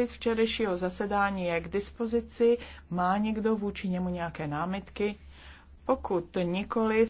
Zápis včerejšího zasedání je k dispozici. Má někdo vůči němu nějaké námitky? Pokud nikoli,